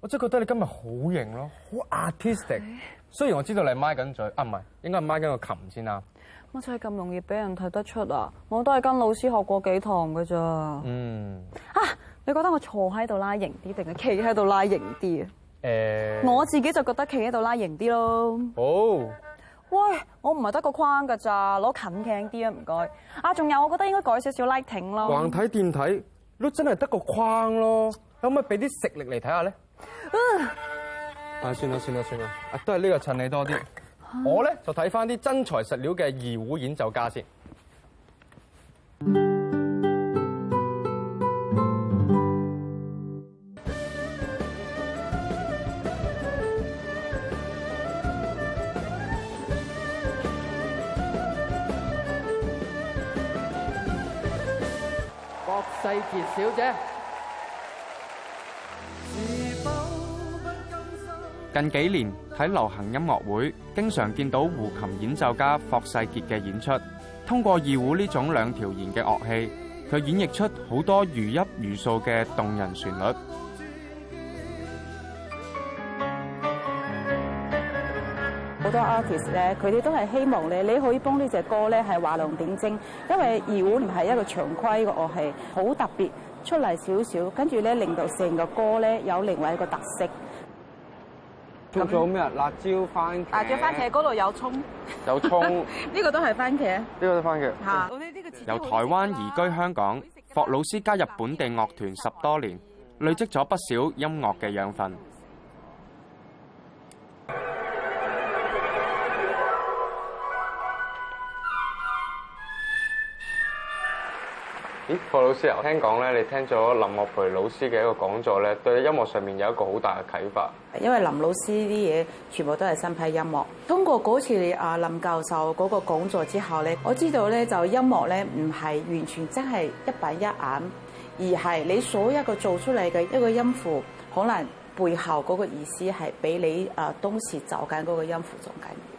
我真係覺得你今日好型咯，好 artistic。雖然我知道你係咪緊嘴啊，唔係應該係咪緊個琴先啦。我真係咁容易俾人睇得出啊？我都係跟老師學過幾堂㗎咋。嗯。啊，你覺得我坐喺度拉型啲，定係企喺度拉型啲啊？誒、欸。我自己就覺得企喺度拉型啲咯。好、oh。喂，我唔係得個框㗎咋，攞近鏡啲啊，唔該。啊，仲有，我覺得應該改少少 lighting 咯。橫睇、掂睇，都真係得個框咯。可唔可以俾啲食力嚟睇下咧？算啦算啦算啦，都係呢個襯你多啲。我咧就睇翻啲真材實料嘅二胡演奏家先。霍世潔小姐。近幾年喺流行音樂會，經常見到胡琴演奏家霍世潔嘅演出。通過二胡呢種兩條弦嘅樂器，佢演繹出好多如泣如訴嘅動人旋律。好多 artist 咧，佢哋都係希望咧，你可以幫呢隻歌咧係畫龍點睛。因為二胡唔係一個常規嘅樂器，好特別，出嚟少少，跟住咧令到成個歌咧有另外一個特色。咁做咩啊？辣椒番茄，辣椒番茄嗰度有葱，有葱，呢個都係番茄，呢 個都番茄。嚇、這個，呢呢個由台灣移居香港，霍老師加入本地樂團十多年，累積咗不少音樂嘅養分。咦，霍老師啊，我聽講咧，你聽咗林樂培老師嘅一個講座咧，對音樂上面有一個好大嘅啟發。因為林老師呢啲嘢全部都係新派音樂。通過嗰次啊林教授嗰個講座之後咧，我知道咧就音樂咧唔係完全真係一板一眼，而係你所有一個做出嚟嘅一個音符，可能背後嗰個意思係俾你啊當時走緊嗰個音符仲緊。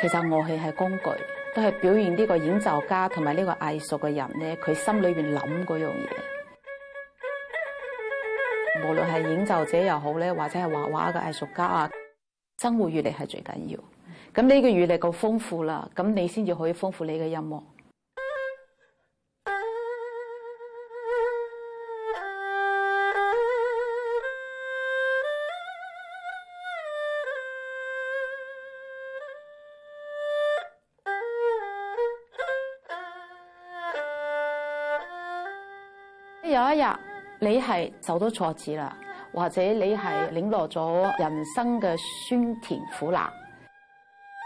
其實樂器係工具，都係表現呢個演奏家同埋呢個藝術嘅人咧，佢心裏面諗嗰樣嘢。無論係演奏者又好咧，或者係畫畫嘅藝術家啊，生活閱歷係最緊要。咁呢個閱歷夠豐富啦，咁你先至可以豐富你嘅音樂。你係受到挫折啦，或者你係領略咗人生嘅酸甜苦辣。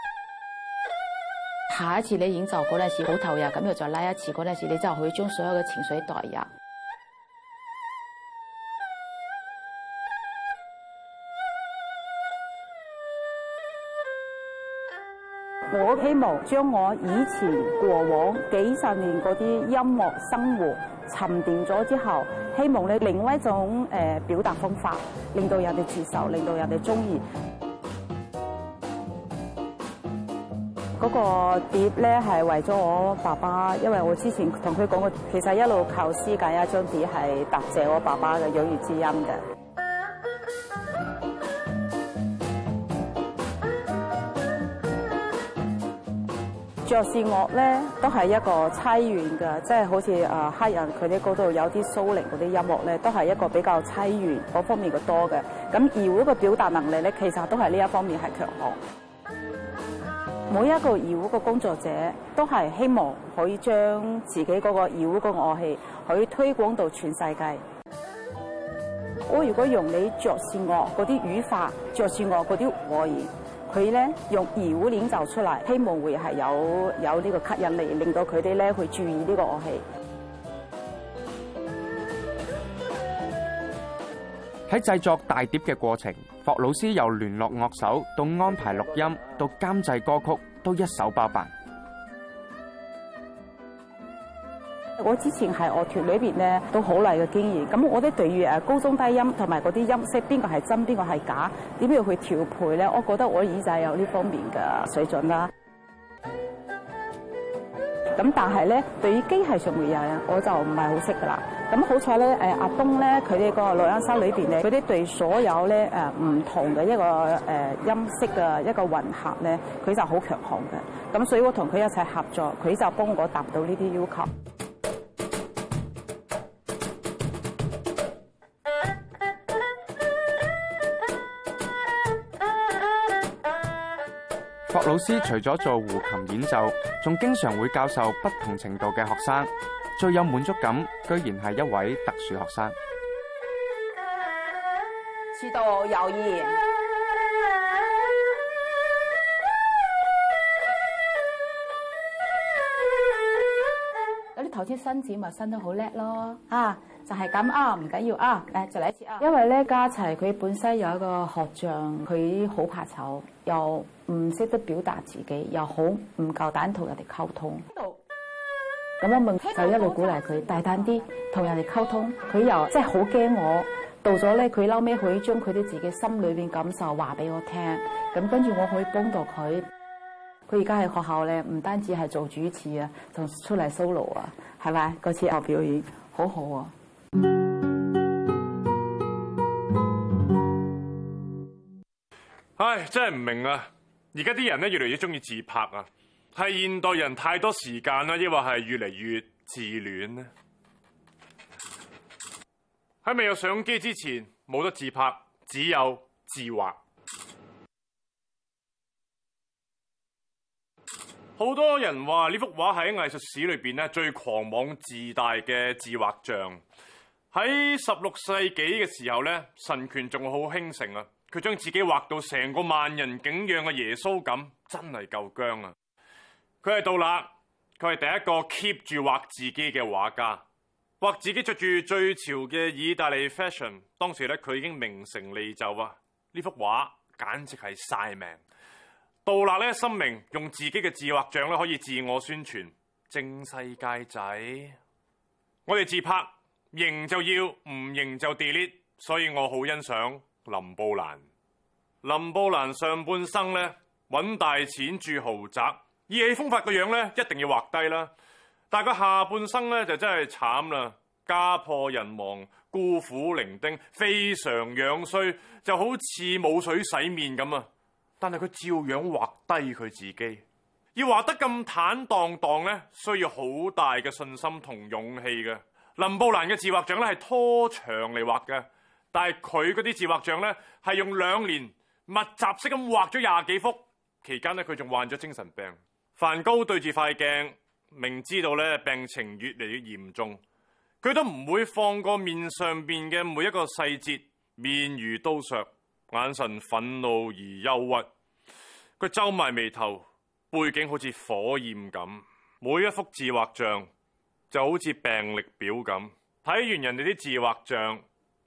下一次你演奏嗰陣時，好投入，咁又再拉一次嗰陣時，你就可以將所有嘅情緒代入。我希望將我以前過往幾十年嗰啲音樂生活沉澱咗之後，希望你另外一種誒表達方法，令到人哋接受，令到人哋中意。嗰個碟咧係為咗我爸爸，因為我之前同佢講過，其實一路構思緊一張碟係答謝我爸爸嘅養育之恩嘅。爵士樂咧都係一個淒怨嘅，即係好似誒、啊、黑人佢哋嗰度有啲蘇靈嗰啲音樂咧，都係一個比較淒怨嗰方面嘅多嘅。咁二胡嘅表達能力咧，其實都係呢一方面係強項。每一個二胡嘅工作者都係希望可以將自己嗰個二胡嘅樂器可以推廣到全世界。我如果用你爵士樂嗰啲語法，爵士樂嗰啲語言。佢咧用二胡演奏出嚟，希望會係有有呢個吸引力，令到佢哋咧去注意呢個樂器。喺 製作大碟嘅過程，霍老師由聯絡樂手到安排錄音到監製歌曲，都一手包辦。我之前喺樂團裏邊咧，都好耐嘅經驗。咁我哋對於誒高中低音同埋嗰啲音色，邊個係真，邊個係假，點樣去調配咧？我覺得我耳仔有呢方面嘅水準啦。咁但係咧，對於機械上面，有人我就唔係好識噶啦。咁好彩咧，誒阿東咧，佢哋嗰個錄音室裏邊咧，佢哋對所有咧誒唔同嘅一個誒音色嘅一個混合咧，佢就好強項嘅。咁所以我同佢一齊合作，佢就幫我達到呢啲要求。老師除咗做胡琴演奏，仲經常會教授不同程度嘅學生。最有滿足感，居然係一位特殊學生。幾多有曳？有啲頭先伸展咪伸得好叻咯，啊，就係、是、咁啊，唔緊要啊，嚟就嚟一次啊。因為咧，嘉齊佢本身有一個學長，佢好怕醜又。唔識得表達自己，又好唔夠膽同人哋溝通。咁我問就一路鼓勵佢大膽啲同人哋溝通。佢又，即係好驚我，到咗咧佢嬲尾可以將佢啲自己心裏面感受話俾我聽。咁跟住我可以幫到佢。佢而家喺學校咧，唔單止係做主持啊，同出嚟 solo 啊，係咪嗰次表演好好啊？唉，真係唔明啊！而家啲人咧越嚟越鍾意自拍啊！係現代人太多時間啦，抑或係越嚟越自戀呢？喺未有相機之前，冇得自拍，只有自畫。好多人話呢幅畫喺藝術史裏邊呢最狂妄自大嘅自畫像。喺十六世紀嘅時候呢，神權仲好興盛啊！佢將自己畫到成個萬人景仰嘅耶穌咁，真係夠僵啊！佢係杜勒，佢係第一個 keep 住畫自己嘅畫家，畫自己着住最潮嘅意大利 fashion。當時咧，佢已經名成利就啊！呢幅畫簡直係晒命。杜勒咧，心明用自己嘅自畫像咧可以自我宣傳，正世界仔。我哋自拍，認就要，唔認就 delete。所以我好欣賞。林布蘭，林布蘭上半生呢，揾大錢住豪宅，意氣風發個樣呢，一定要畫低啦。但係佢下半生呢，就真係慘啦，家破人亡，孤苦伶仃，非常樣衰，就好似冇水洗面咁啊！但係佢照樣畫低佢自己，要畫得咁坦蕩蕩呢，需要好大嘅信心同勇氣嘅。林布蘭嘅自畫像呢，係拖長嚟畫嘅。但係佢嗰啲自畫像呢，係用兩年密集式咁畫咗廿幾幅，期間呢，佢仲患咗精神病。梵高對住塊鏡，明知道呢病情越嚟越嚴重，佢都唔會放過面上邊嘅每一個細節，面如刀削，眼神憤怒而憂鬱，佢皺埋眉頭，背景好似火焰咁，每一幅自畫像就好似病歷表咁。睇完人哋啲自畫像。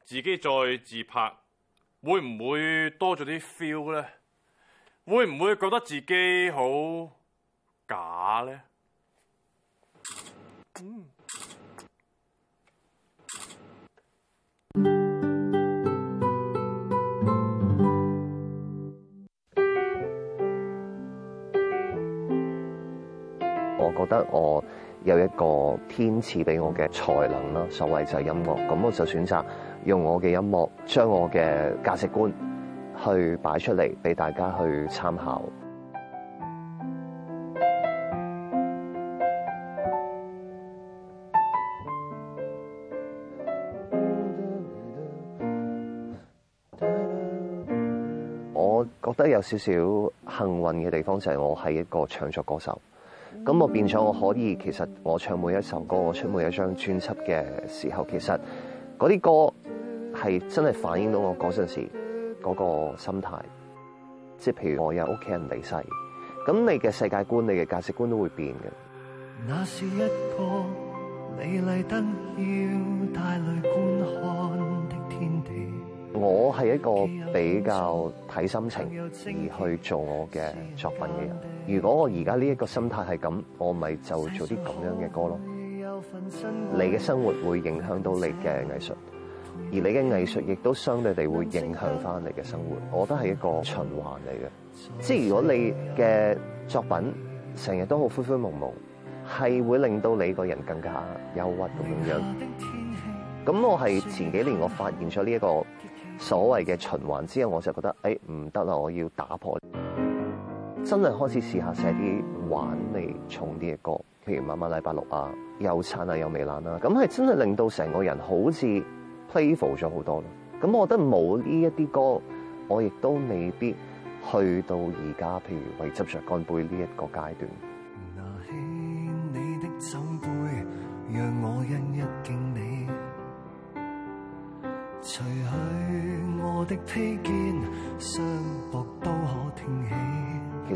自己再自拍，會唔會多咗啲 feel 咧？會唔會覺得自己好假咧？嗯，我覺得我有一個天賜俾我嘅才能啦，所謂就係音樂，咁我就選擇。用我嘅音樂將我嘅價值觀去擺出嚟，俾大家去參考。我覺得有少少幸運嘅地方就係我係一個唱作歌手，咁我變咗我可以其實我唱每一首歌，我出每一張專輯嘅時候，其實嗰啲歌，係真係反映到我嗰陣時嗰個心態，即係譬如我有屋企人離世，咁你嘅世界觀、你嘅價值觀都會變嘅。我係一個比較睇心情而去做我嘅作品嘅人。如果我而家呢一個心態係咁，我咪就做啲咁樣嘅歌咯。你嘅生活會影響到你嘅藝術。而你嘅藝術亦都相對地會影響翻你嘅生活，我覺得係一個循環嚟嘅。即係如果你嘅作品成日都好灰灰蒙蒙，蒙，係會令到你個人更加憂鬱咁樣樣。咁我係前幾年我發現咗呢一個所謂嘅循環之後，我就覺得誒，唔得啦，我要打破。真係開始試下寫啲玩味重啲嘅歌，譬如《晚晚禮拜六》啊，又啊《又慘啊又未爛》啦，咁係真係令到成個人好似。playful 咗好多咯，咁我覺得冇呢一啲歌，我亦都未必去到而家，譬如為執着乾杯呢一個階段。拿起你的酒杯，讓我一一敬你。其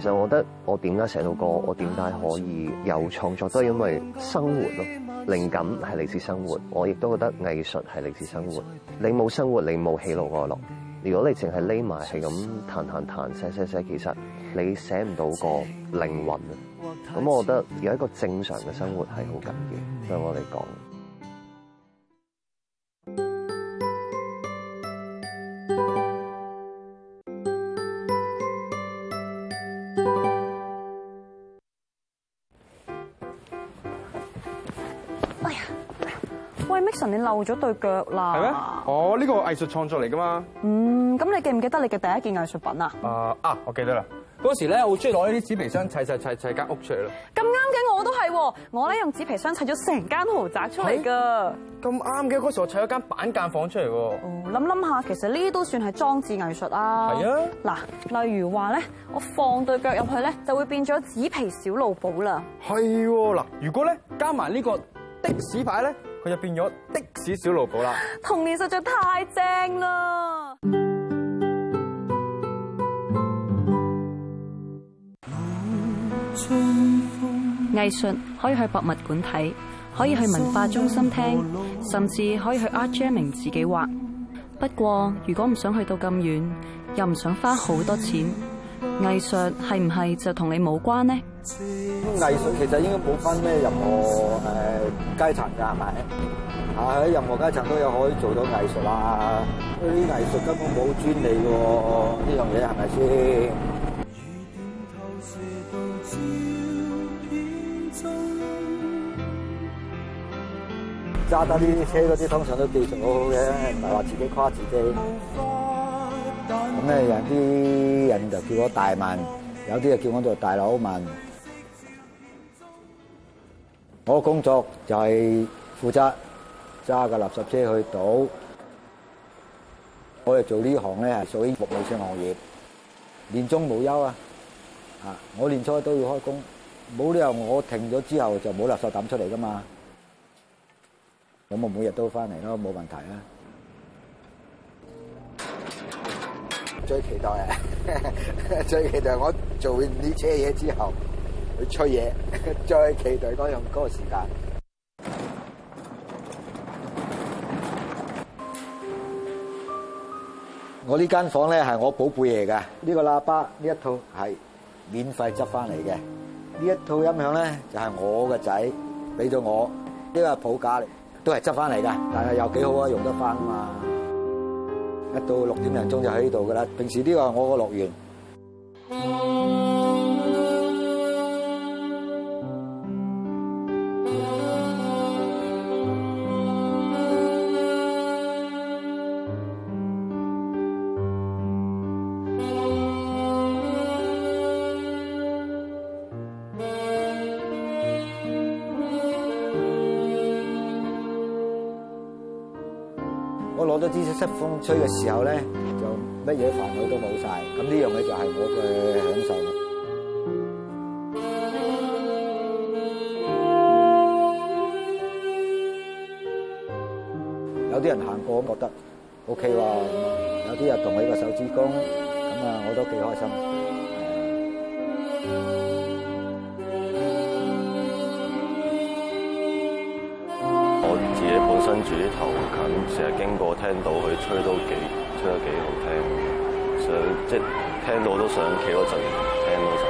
實我覺得我點解寫到歌，我點解可以有創作，都係因為生活咯。靈感係嚟自生活，我亦都覺得藝術係嚟自生活。你冇生活，你冇喜怒哀樂。如果你淨係匿埋係咁彈彈彈寫寫寫，其實你寫唔到個靈魂啊。咁我覺得有一個正常嘅生活係好緊要的，對我嚟講。咗對腳啦！係咩？哦，我、這、呢個藝術創作嚟噶嘛嗯，咁你記唔記得你嘅第一件藝術品啊？啊啊，我記得啦！嗰時咧，我好中意攞呢啲紙皮箱砌砌砌砌間屋出嚟咯。咁啱嘅，我都係。我咧用紙皮箱砌咗成間豪宅出嚟噶。咁啱嘅，時候我砌咗間板間房出嚟。哦，諗諗下，其實呢啲都算係裝置藝術啊。係啊。嗱，例如話咧，我放對腳入去咧，就會變咗紙皮小露寶啦。係嗱，如果咧加埋呢個的士牌咧，佢就變咗的。少少勞保啦。童年實在太正啦。藝術可以去博物館睇，可以去文化中心聽，甚至可以去阿 Jeremy 自己畫。不過，如果唔想去到咁遠，又唔想花好多錢，藝術係唔係就同你冇關呢？藝術其實應該冇分咩任何誒階層㗎，係咪？喺任何階層都有可以做到藝術啦，嗰啲藝術根本冇專利嘅，呢樣嘢係咪先？揸得呢啲車嗰啲通常都技術好好嘅，唔係話自己誇自己。咁咧，有啲人就叫我大民，有啲就叫我做大佬民。我工作就係負責。揸架垃圾車去倒，我哋做呢行咧係屬於服務性行業，年終冇休啊！啊，我年初都要開工，冇理由我停咗之後就冇垃圾抌出嚟噶嘛。咁我每日都翻嚟咯，冇問題啊。最期待啊！最期待我做完呢車嘢之後去吹嘢，最期待嗰樣嗰個時間。我呢間房咧係我寶貝嘢嚟㗎，呢個喇叭呢一套係免費執翻嚟嘅，呢一套音響咧就係我嘅仔俾咗我，呢、呢個抱架都係執翻嚟㗎，但係又幾好啊，用得翻啊嘛！一到六點零鐘就喺呢度㗎啦，平時呢個係我個樂園。知七七風吹嘅時候咧，就乜嘢煩惱都冇晒。咁呢樣嘢就係我嘅享受。 有啲人行過覺得 OK 喎，有啲人動起個手指公，咁啊我都幾開心。 住啲頭近，成日經過聽他聽聽，聽到佢吹都幾吹得幾好聽。想即係聽到都想企嗰陣聽咯。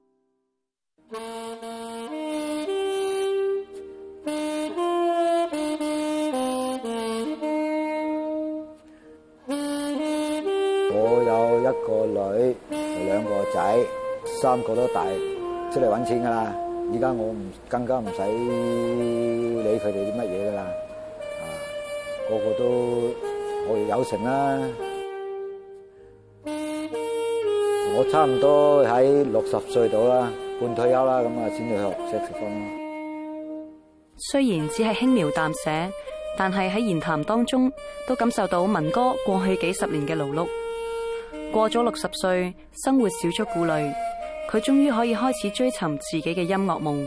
個女，兩個仔，三個都大，出嚟搵錢噶啦。而家我唔，更加唔使理佢哋啲乜嘢噶啦。啊，個個都可以有成啦。我差唔多喺六十歲度啦，半退休啦，咁啊先去學寫詞風咯。雖然只係輕描淡寫，但係喺言談當中都感受到文哥過去幾十年嘅勞碌。過咗六十歲，生活少咗顧慮，佢終於可以開始追尋自己嘅音樂夢。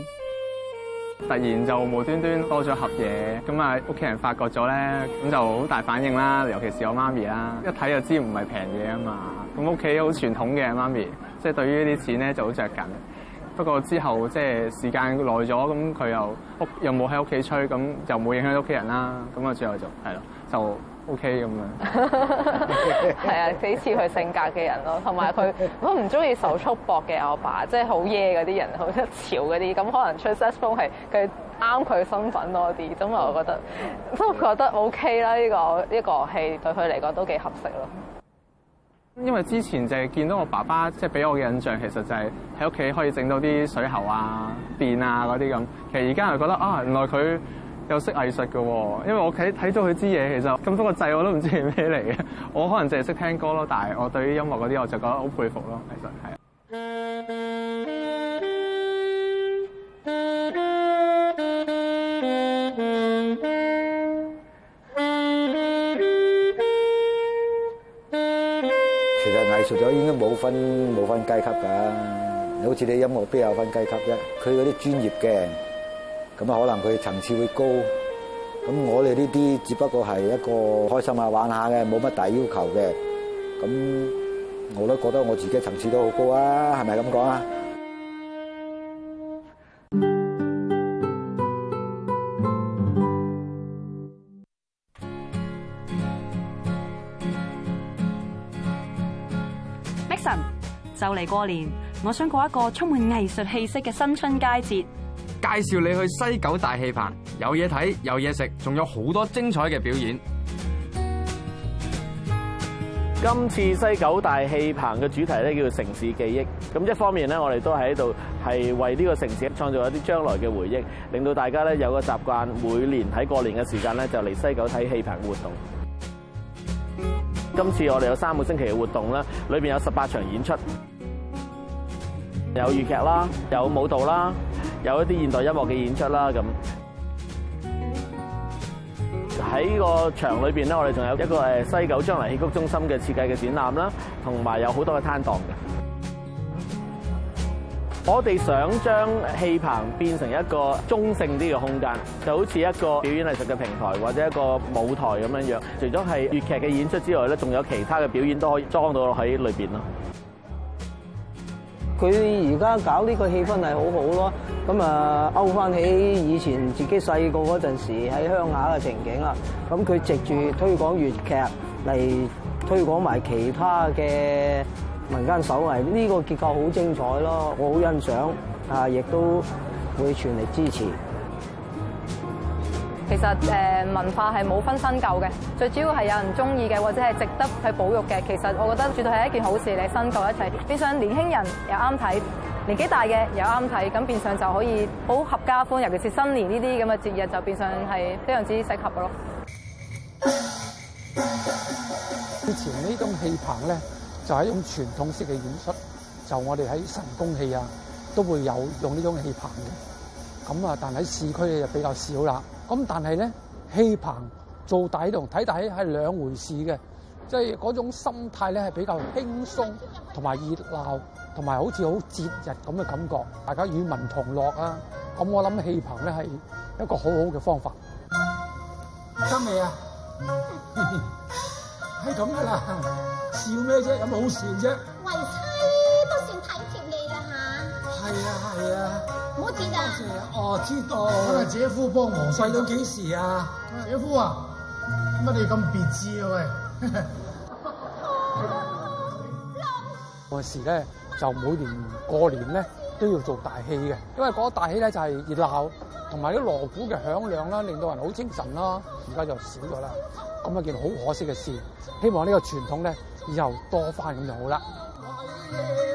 突然就無端端多咗盒嘢，咁啊屋企人發覺咗咧，咁就好大反應啦。尤其是我媽咪啦，一睇就知唔係平嘢啊嘛。咁屋企好傳統嘅媽咪，即係、就是、對於呢啲錢咧就好着緊。不過之後即係時間耐咗，咁佢又屋又冇喺屋企吹，咁又冇影響屋企人啦。咁啊最後就係咯就。OK 咁樣，係啊，幾似佢性格嘅人咯，同埋佢我唔中意手速薄嘅阿爸，爸，即係好耶嗰啲人，好潮嗰啲，咁可能吹色士風係佢啱佢身份多啲，咁啊，我覺得都覺得 OK 啦，呢、呢個一個樂器對佢嚟講都幾合適咯。因為之前就係見到我爸爸，即係俾我嘅印象，其實就係喺屋企可以整到啲水喉啊、電啊嗰啲咁。其實而家又覺得啊，原來佢。又識藝術嘅喎，因為我睇睇到佢支嘢，其實咁多個掣我都唔知係咩嚟嘅。我可能淨係識聽歌咯，但係我對於音樂嗰啲我就覺得好佩服咯，其實係。其實藝術咗應該冇分冇分階級㗎，好像你好似你音樂邊有分階級啫？佢嗰啲專業嘅。咁啊，可能佢層次會高。咁我哋呢啲只不過係一個開心下玩下嘅，冇乜大要求嘅。咁我都覺得我自己層次都好高啊，係咪咁講啊？Mixon，就嚟過年，我想過一個充滿藝術氣息嘅新春佳節。介紹你去西九大戲棚有，有嘢睇，有嘢食，仲有好多精彩嘅表演。今次西九大戲棚嘅主題咧叫做城市記憶。咁一方面咧，我哋都喺度係為呢個城市創造一啲將來嘅回憶，令到大家咧有個習慣，每年喺過年嘅時間咧就嚟西九睇戲棚活動。今次我哋有三個星期嘅活動啦，裏邊有十八場演出，有粵劇啦，有舞蹈啦。有一啲現代音樂嘅演出啦，咁喺個場裏邊咧，我哋仲有一個誒西九將來戲曲中心嘅設計嘅展覽啦，同埋有好多嘅攤檔嘅。我哋想將戲棚變成一個中性啲嘅空間，就好似一個表演藝術嘅平台或者一個舞台咁樣樣。除咗係粵劇嘅演出之外咧，仲有其他嘅表演都可以裝到喺裏邊咯。佢而家搞呢個氣氛係好好咯，咁啊勾翻起以前自己細個嗰陣時喺鄉下嘅情景啦。咁佢藉住推廣粵劇嚟推廣埋其他嘅民間手藝，呢個結構好精彩咯，我好欣賞，啊亦都會全力支持。其實誒、呃、文化係冇分新舊嘅，最主要係有人中意嘅，或者係值得去保育嘅。其實我覺得絕對係一件好事嚟。你新舊一齊，變相年輕人又啱睇，年紀大嘅又啱睇，咁變相就可以好合家歡。尤其是新年呢啲咁嘅節日，就變相係非常之適合咯。以前呢種戲棚咧，就係、是、一種傳統式嘅演出，就我哋喺神功戲啊都會有用呢種戲棚嘅。咁啊，但喺市區就比較少啦。咁但係咧，戲棚做底同睇底係兩回事嘅，即係嗰種心態咧係比較輕鬆同埋熱鬧，同埋好似好節日咁嘅感覺，大家與民同樂啊！咁我諗戲棚咧係一個好好嘅方法。得未啊？係咁噶啦，笑咩、哎、啫？有冇好笑啫？為妻都算體貼你啦吓，係啊！唔好轉啊！哦，知道。我係姐夫幫我細到幾時啊？姐夫啊，乜你咁別致啊？喂、嗯！我 時咧就每年過年咧都要做大戲嘅，因為嗰大戲咧就係熱鬧，同埋啲鑼鼓嘅響亮啦，令到人好精神啦。而家就少咗啦，咁啊件好可惜嘅事。希望呢個傳統咧以後多翻咁就好啦。Mm.